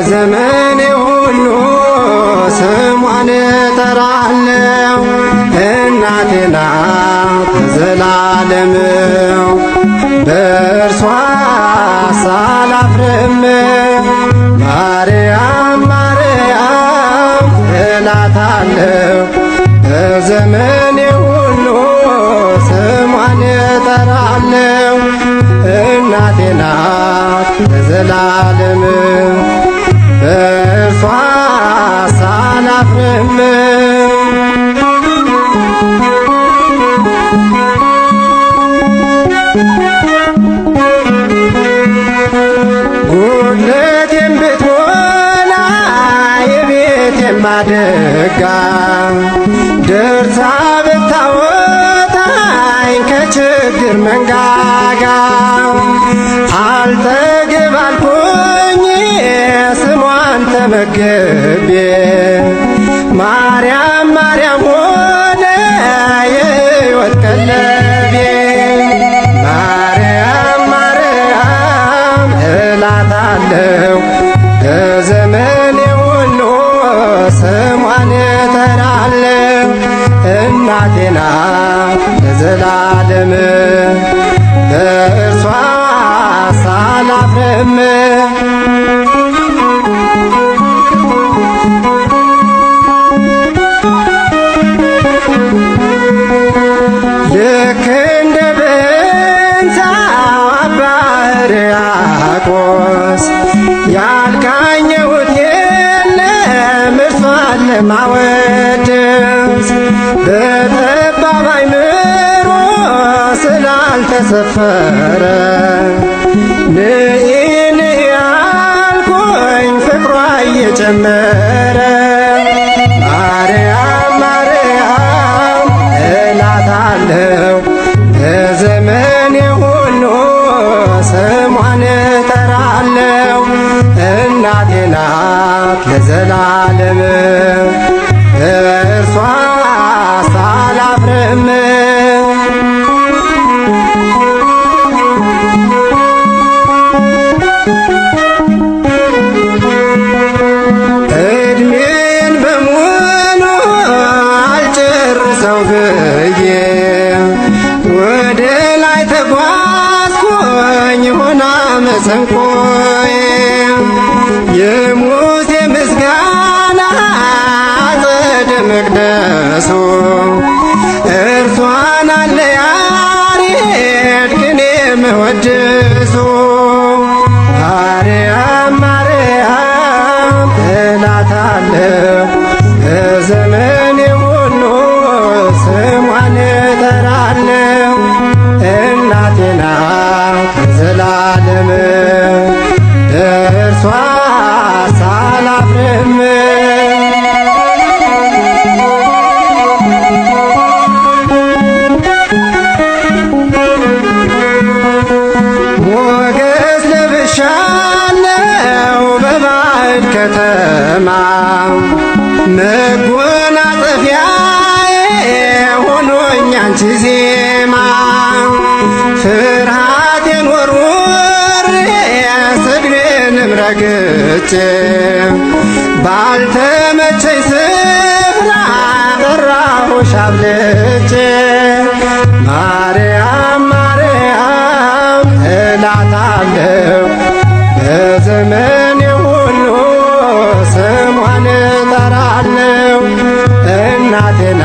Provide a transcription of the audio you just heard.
በዘመኔ ሁሉ ስሟን እጠራለሁ እናቴ ናት ዘላለምው በእርሷ ሳላፍርም ማርያም ማርያም እላታለሁ በዘመኔ ሁሉ ስሟን እጠራለሁ እናቴ ናት በእርሷ ሳላፍርም ጉድለቴን ደርሳ ብታወጣኝ ከችግር መንጋጋ አልጠግብ አልኩ መግቤ ማርያም ማርያም ሆነ የሕይወት ቀለቤ ማርያም ማርያም እላታለው በዘመኔ ሁሉ ስሟን እጠራለው እናቴና ለዘላለም በእርሷ ሳላፍርም ማወደስ በጠባብ አእምሮ ስላልተሰፈረ ንኢ ንኢ አልኩኝ ፍቅሯ እየጨመረ ማርያም ማርያም እላታለሁ በዘመኔ ሁሉ ስሟን እጠራለሁ እናቴ ናት ለዘላለም እድሜን በሙሉ አልጨርሰው ብዬ ወደ ላይ ተጓዝኩኝ ሆና መሰንቆዬ የሙሴ ምስጋና አጸደ መቅደሱ እርሷን አለያሬድ ቅኔ መወድሱ እናቴና ዘላለም እርሷ ሳላፍርም ሞገስ ለብሻለው በባዕድ ከተማ መጎናጸፊያ ሆኖኛንቺ ዜ ተረግጬ ባልተመቸኝ ስፍራ ጠራሁሽ አብልጬ ማርያም ማርያም እላታለሁ በዘመኔ ሁሉ ስሟን እጠራለሁ እናቴና